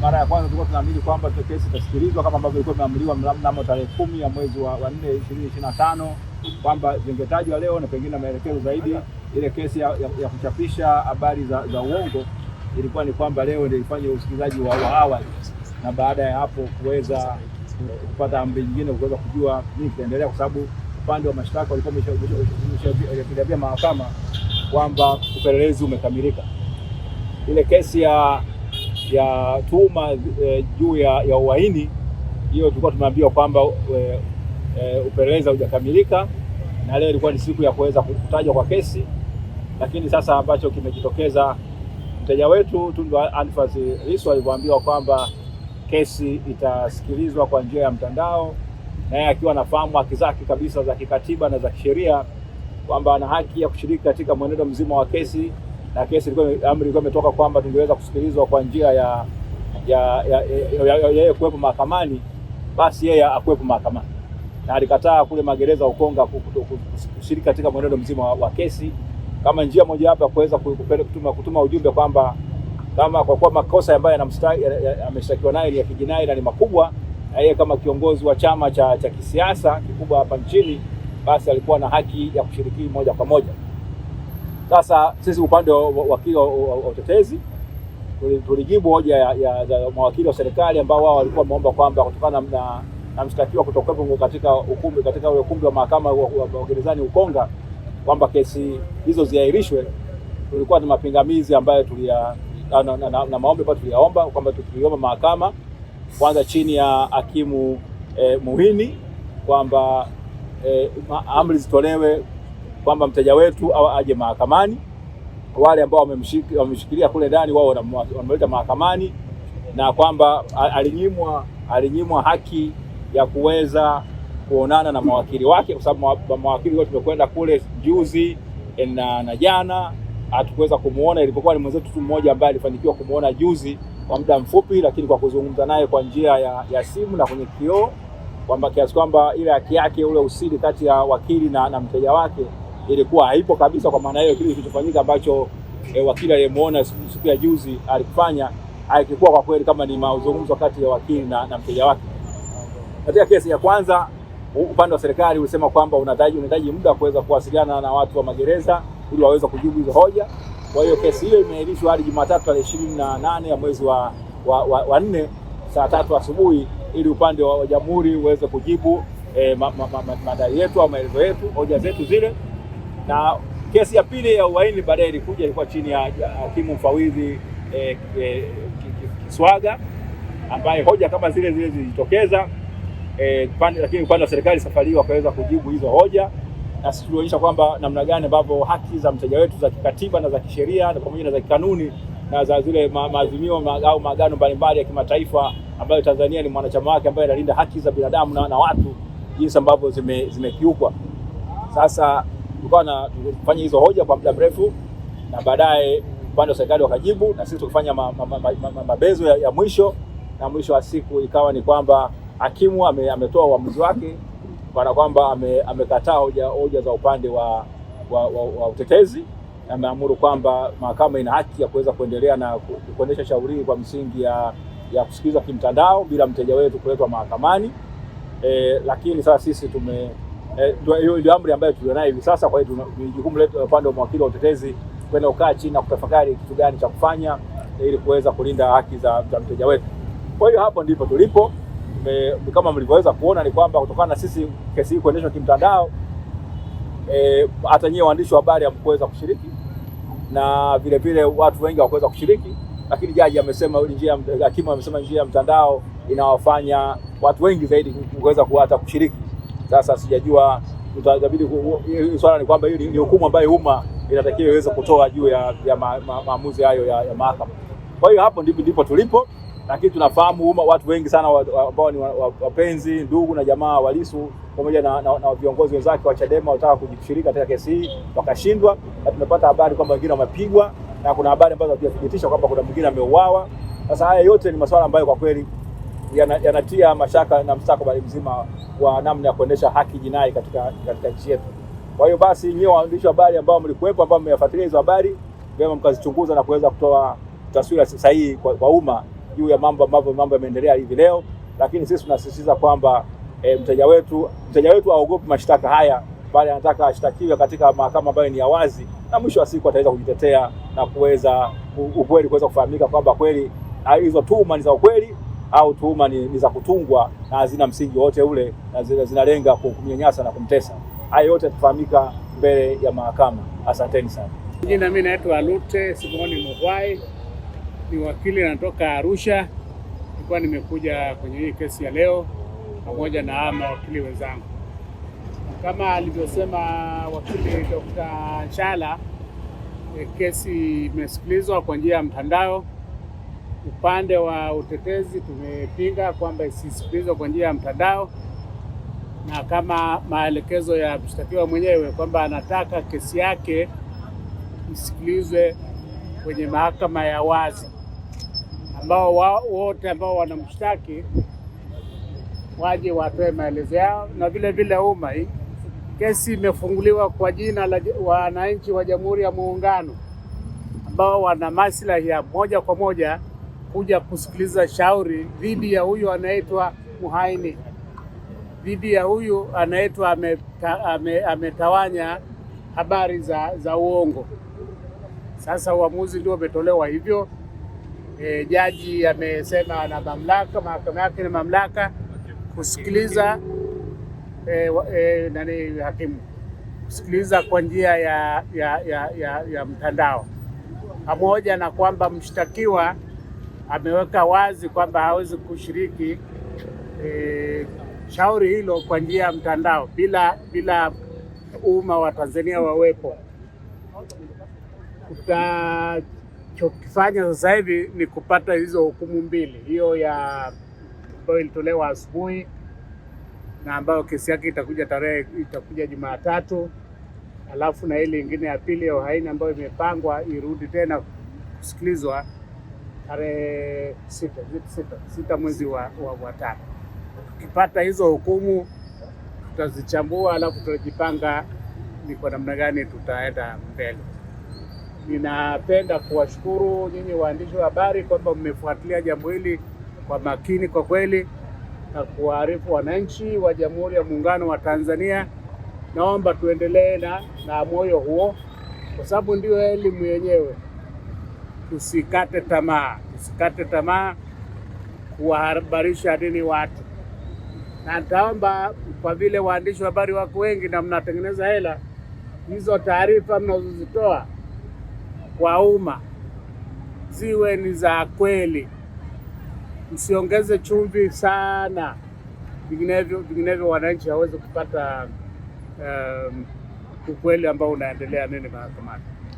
mara ya kwanza tulikuwa tunaamini kwamba kesi itasikilizwa kama ambavyo ilikuwa imeamriwa mnamo tarehe kumi ya mwezi wa 4 2025 kwamba zingetajwa leo na pengine maelekezo zaidi. Ile kesi ya, ya, ya kuchapisha habari za, za uongo ilikuwa ni kwamba leo ndio ifanye usikilizaji wa awali na baada ya hapo kuweza kupata amri nyingine kuweza kujua nini kitaendelea, kwa sababu upande wa mashtaka walikuwa wameshaambia mahakama kwamba upelelezi umekamilika. Ile kesi ya ya tuhuma e, juu ya, ya uhaini. Hiyo tulikuwa tumeambiwa kwamba e, e, upelelezi haujakamilika na leo ilikuwa ni siku ya kuweza kutajwa kwa kesi, lakini sasa ambacho kimejitokeza mteja wetu Tundu Antiphas Lissu alivyoambiwa kwamba kesi itasikilizwa kwa njia ya mtandao, naye akiwa anafahamu haki zake kabisa za kikatiba na za kisheria kwamba ana haki ya kushiriki katika mwenendo mzima wa kesi na kesi ilikuwa amri ilikuwa imetoka kwamba tungeweza kusikilizwa kwa njia ya ya yeye kuwepo mahakamani, basi yeye akuwepo mahakamani, na alikataa kule magereza Ukonga kushiriki katika mwenendo mzima wa, wa kesi kama njia mojawapo ya kuweza kutuma, kutuma ujumbe kwamba kama kwa kuwa makosa ambayo ameshtakiwa naye ni ya kijinai na ni makubwa, na yeye kama kiongozi wa chama cha, cha kisiasa kikubwa hapa nchini, basi alikuwa na haki ya kushiriki moja kwa moja. Sasa sisi upande wa wakili wa utetezi tulijibu hoja ya mawakili wa serikali ambao wao walikuwa wameomba kwamba kutokana na na mshtakiwa kutokuwepo katika ukumbi katika ule ukumbi wa mahakama wa gerezani Ukonga kwamba kesi hizo ziahirishwe. Tulikuwa na mapingamizi ambayo tulia na, na, na, na maombi ambayo tuliyaomba kwamba tuliomba mahakama kwanza chini ya hakimu eh, Muhini kwamba eh, amri zitolewe kwamba mteja wetu au aje mahakamani, wale ambao wamemshikilia kule ndani wao wanamleta mahakamani, na kwamba alinyimwa alinyimwa haki ya kuweza kuonana na mawakili wake, kwa sababu mawakili wote tumekwenda kule juzi na, na jana hatukuweza kumuona, ilipokuwa ni mwenzetu tu mmoja ambaye alifanikiwa kumuona juzi kwa muda mfupi, lakini kwa kuzungumza naye kwa njia ya, ya simu na kwenye kioo, kwamba kiasi kwamba ile haki yake ule usiri kati ya wakili na, na mteja wake ilikuwa haipo kabisa. Kwa maana hiyo kile kilichofanyika ambacho e, wakili aliyemuona siku ya juzi alikufanya haikuwa kwa kweli kama ni mazungumzo kati ya wakili na, na mteja wake. Katika kesi ya kwanza upande wa serikali ulisema kwamba unahitaji unahitaji muda kuweza kuwasiliana na watu wa magereza ili waweze kujibu hizo hoja. Kwa hiyo kesi hiyo imeahirishwa hadi Jumatatu tarehe ishirini na nane ya mwezi wa, wa, wa, wa nne saa tatu asubuhi ili upande wa, wa jamhuri uweze kujibu eh, madai ma, ma, ma, yetu au maelezo yetu hoja zetu zile na kesi ya pili ya uhaini baadaye ilikuja, ilikuwa chini ya hakimu mfawidhi e, e, Kiswaga ambaye hoja kama zile zile zilijitokeza e, eh, lakini upande wa serikali safari wakaweza kujibu hizo hoja, na sisi tulionyesha kwamba namna gani ambavyo haki za mteja wetu za kikatiba na za kisheria na pamoja na za kikanuni na za zile maazimio ma, au maagano mbalimbali ya kimataifa ambayo Tanzania ni mwanachama wake ambayo analinda haki za binadamu na, na watu jinsi ambavyo zimekiukwa zime sasa tukawa na hizo hoja kwa muda mrefu, na baadaye upande wa serikali wakajibu, na sisi tukifanya mabezo ma, ma, ma, ma, ma ya, ya mwisho, na mwisho wa siku ikawa ni kwamba hakimu ame, ametoa uamuzi wake kana kwamba amekataa ame hoja, hoja za upande wa, wa, wa, wa utetezi ameamuru kwamba mahakama ina haki ya kuweza kuendelea na kuendesha shauri kwa msingi ya, ya kusikilizwa kimtandao bila mteja wetu kuletwa mahakamani. E, lakini sasa sisi tume Eh, ndio ndio amri ambayo tulionayo hivi sasa. Kwa hiyo ni jukumu letu upande wa mawakili wa utetezi kwenda kukaa chini na kutafakari kitu gani cha kufanya eh, ili kuweza kulinda haki za mteja wetu. Kwa hiyo hapo ndipo tulipo. Me, kama mlivyoweza kuona ni kwamba kutokana na sisi kesi hii kuendeshwa kimtandao, eh, hata e, nyie waandishi wa habari hamkuweza kushiriki na vile vile watu wengi hawakuweza kushiriki, lakini jaji amesema njia, hakimu amesema njia ya mtandao inawafanya watu wengi zaidi kuweza kuata kushiriki. Sasa sijajua tutabidi swala ni kwamba hiyo ni hukumu ambayo umma inatakiwa iweze kutoa juu ya, ya ma, ma, maamuzi hayo ya, ya mahakama. Kwa hiyo hapo ndipo ndipo tulipo, lakini tunafahamu umma, watu wengi sana ambao ni wapenzi, ndugu na jamaa wa Lissu pamoja na, na, na viongozi wenzake wa Chadema wanataka kujishirika katika kesi hii wakashindwa, na tumepata habari kwamba wengine wamepigwa na kuna habari ambazo hazijathibitishwa kwamba kuna mwingine ameuawa. Sasa haya yote ni masuala ambayo kwa kweli yanatia ya mashaka na mstakabali mzima wa namna ya kuendesha haki jinai katika katika nchi yetu. Kwa hiyo basi, nyie waandishi wa habari ambao mlikuwepo, ambao mmeyafuatilia hizo habari vyema, mkazichunguza na kuweza kutoa taswira sahihi kwa, kwa umma juu ya mambo ambavyo mambo yameendelea hivi leo. Lakini sisi tunasisitiza kwamba e, mteja wetu mteja wetu aogopi mashtaka haya, bali anataka ashtakiwe katika mahakama ambayo ni ya wazi, na mwisho wa siku ataweza kujitetea na kuweza ukweli kuweza kufahamika kwamba kweli hizo tuhuma ni za ukweli au tuhuma ni, ni za kutungwa na hazina msingi wote ule na zinalenga kumnyanyasa na kumtesa. Haya yote yatafahamika mbele ya mahakama. Asanteni sana. Jina mimi naitwa Lute Simoni Mogwai, ni wakili natoka Arusha. Nilikuwa nimekuja kwenye hii kesi ya leo pamoja na mawakili wenzangu. Kama alivyosema wakili Dr. Chala, eh, kesi imesikilizwa kwa njia ya mtandao upande wa utetezi tumepinga kwamba isisikilizwe kwa njia ya mtandao, na kama maelekezo ya mshtakiwa mwenyewe kwamba anataka kesi yake isikilizwe kwenye mahakama ya wazi, ambao wote ambao wanamshtaki waje watoe maelezo yao, na vile vile umma. kesi imefunguliwa kwa jina la wananchi wa Jamhuri ya Muungano ambao wana maslahi ya moja kwa moja kuja kusikiliza shauri dhidi ya huyu anaitwa muhaini, dhidi ya huyu anaitwa ametawanya ame habari za, za uongo. Sasa uamuzi ndio umetolewa hivyo. E, jaji amesema ana mamlaka, mahakama yake na mamlaka kusikiliza e, e, nani hakimu kusikiliza kwa njia ya, ya, ya, ya, ya mtandao pamoja na kwamba mshtakiwa ameweka wazi kwamba hawezi kushiriki e, shauri hilo kwa njia ya mtandao bila bila umma wa Tanzania wawepo. Tutachokifanya sasa hivi ni kupata hizo hukumu mbili, hiyo ya ambayo ilitolewa asubuhi na ambayo kesi yake itakuja tarehe itakuja Jumatatu, alafu na ile nyingine ya pili ya uhaini ambayo imepangwa irudi tena kusikilizwa tarehe sita, sita, sita mwezi wa, wa, wa tano. Tukipata hizo hukumu tutazichambua, alafu tutajipanga ni kwa namna gani tutaenda mbele. Ninapenda kuwashukuru nyinyi waandishi wa habari kwamba mmefuatilia jambo hili kwa makini kwa kweli, na kuwaarifu wananchi wa Jamhuri ya Muungano wa Tanzania. Naomba tuendelee na, na moyo huo, kwa sababu ndio elimu yenyewe tusikate tamaa, tusikate tamaa kuwahabarisha dini watu, na nitaomba kwa vile waandishi wa habari wako wengi na mnatengeneza hela, hizo taarifa mnazozitoa kwa umma ziwe ni za kweli, msiongeze chumvi sana, vinginevyo vinginevyo wananchi hawezi kupata um, ukweli ambao unaendelea nini mahakamani.